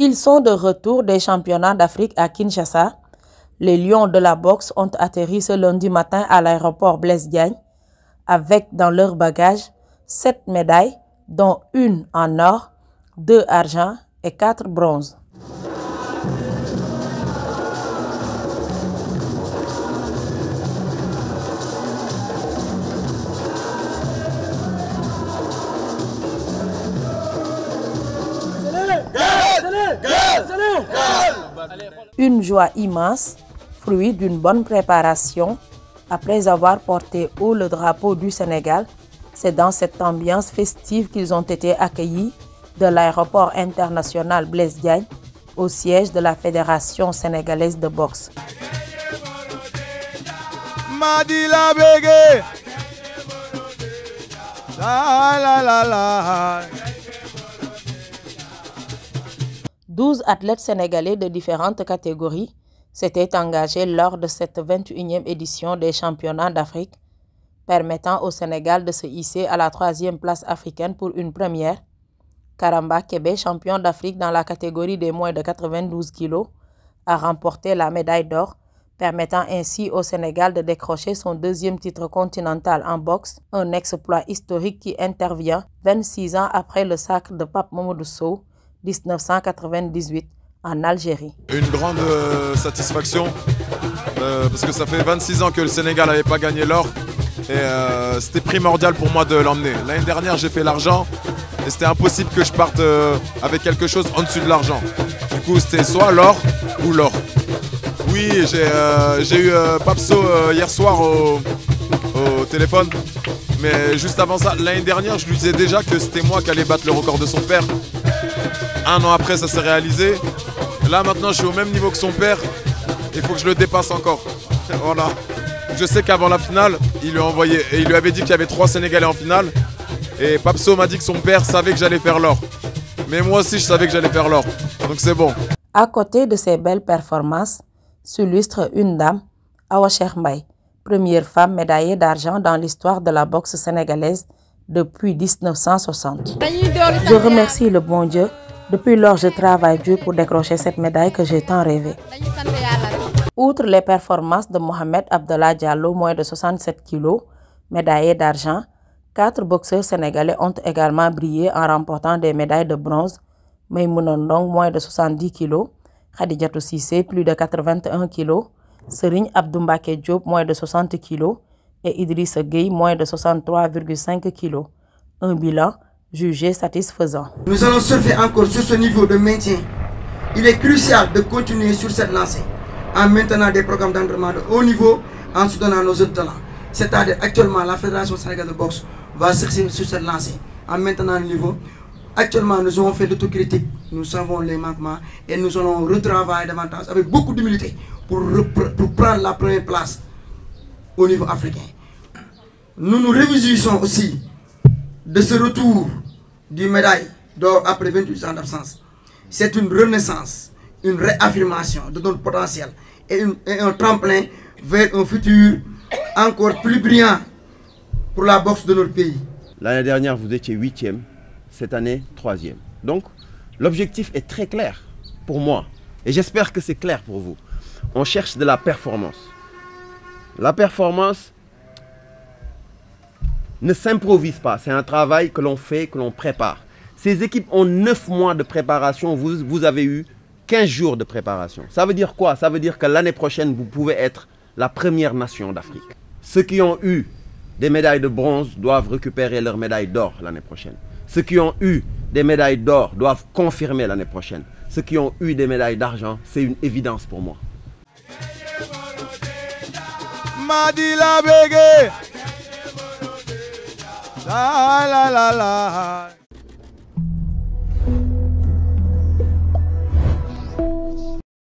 Ils sont de retour des championnats d'Afrique à Kinshasa. Les lions de la boxe ont atterri ce lundi matin à l'aéroport Blaise avec dans leur bagage sept médailles, dont une en or, deux argent et quatre bronze. Une joie immense, fruit d'une bonne préparation, après avoir porté haut le drapeau du Sénégal, c'est dans cette ambiance festive qu'ils ont été accueillis de l'aéroport international Blaise Diagne au siège de la Fédération sénégalaise de boxe. 12 athlètes sénégalais de différentes catégories s'étaient engagés lors de cette 21e édition des championnats d'Afrique, permettant au Sénégal de se hisser à la troisième place africaine pour une première. Karamba Kebe, champion d'Afrique dans la catégorie des moins de 92 kg, a remporté la médaille d'or, permettant ainsi au Sénégal de décrocher son deuxième titre continental en boxe, un exploit historique qui intervient 26 ans après le sacre de Pape Mamadou Sow 1998 en Algérie. Une grande euh, satisfaction euh, parce que ça fait 26 ans que le Sénégal n'avait pas gagné l'or et euh, c'était primordial pour moi de l'emmener. L'année dernière j'ai fait l'argent et c'était impossible que je parte avec quelque chose en dessus de l'argent. Du coup c'était soit l'or ou l'or. Oui j'ai eu Papso hier soir au téléphone mais juste avant ça l'année dernière je lui disais déjà que c'était moi qui allais battre le record de son père un an après, ça s'est réalisé. Là, maintenant, je suis au même niveau que son père. Il faut que je le dépasse encore. voilà. Je sais qu'avant la finale, il lui, envoyé, et il lui avait dit qu'il y avait trois Sénégalais en finale. Et Papso m'a dit que son père savait que j'allais faire l'or. Mais moi aussi, je savais que j'allais faire l'or. Donc c'est bon. À côté de ses belles performances, s'illustre une dame, Awa Cheikh première femme médaillée d'argent dans l'histoire de la boxe sénégalaise depuis 1960. Je remercie le bon Dieu. Depuis lors, je travaille dur pour décrocher cette médaille que j'ai tant rêvée. Outre les performances de Mohamed Abdallah Diallo, moins de 67 kg, médaillé d'argent, quatre boxeurs sénégalais ont également brillé en remportant des médailles de bronze. Maïmouna Ndong, moins de 70 kg, Khadijatou Sissé, plus de 81 kg, Serigne Abdoumbaké Diop, moins de 60 kg, et Idrissa Gueye moins de 63,5 kg. Un bilan jugé satisfaisant. Nous allons surfer encore sur ce niveau de maintien. Il est crucial de continuer sur cette lancée en maintenant des programmes d'entraînement de haut niveau en soutenant nos autres talents. C'est-à-dire actuellement la Fédération Sénégal de boxe va chercher sur cette lancée en maintenant le niveau. Actuellement, nous avons fait de l'autocritique, nous savons les manquements et nous allons retravailler davantage avec beaucoup d'humilité pour, pour prendre la première place niveau africain. Nous nous réjouissons aussi de ce retour du médaille d'or après 28 ans d'absence. C'est une renaissance, une réaffirmation de notre potentiel et, un tremplin vers un futur encore plus brillant pour la boxe de notre pays. L'année dernière, vous étiez 8e, cette année, troisième. Donc, l'objectif est très clair pour moi et j'espère que c'est clair pour vous. On cherche de la performance la performance ne s'improvise pas. C'est un travail que l'on fait, que l'on prépare. Ces équipes ont 9 mois de préparation. Vous, avez eu 15 jours de préparation. Ça veut dire quoi Ça veut dire que l'année prochaine, vous pouvez être la première nation d'Afrique. Ceux qui ont eu des médailles de bronze doivent récupérer leur médaille d'or l'année prochaine. Ceux qui ont eu des médailles d'or doivent confirmer l'année prochaine. Ceux qui ont eu des médailles d'argent, c'est une évidence pour moi. mama dila bege. La la la la.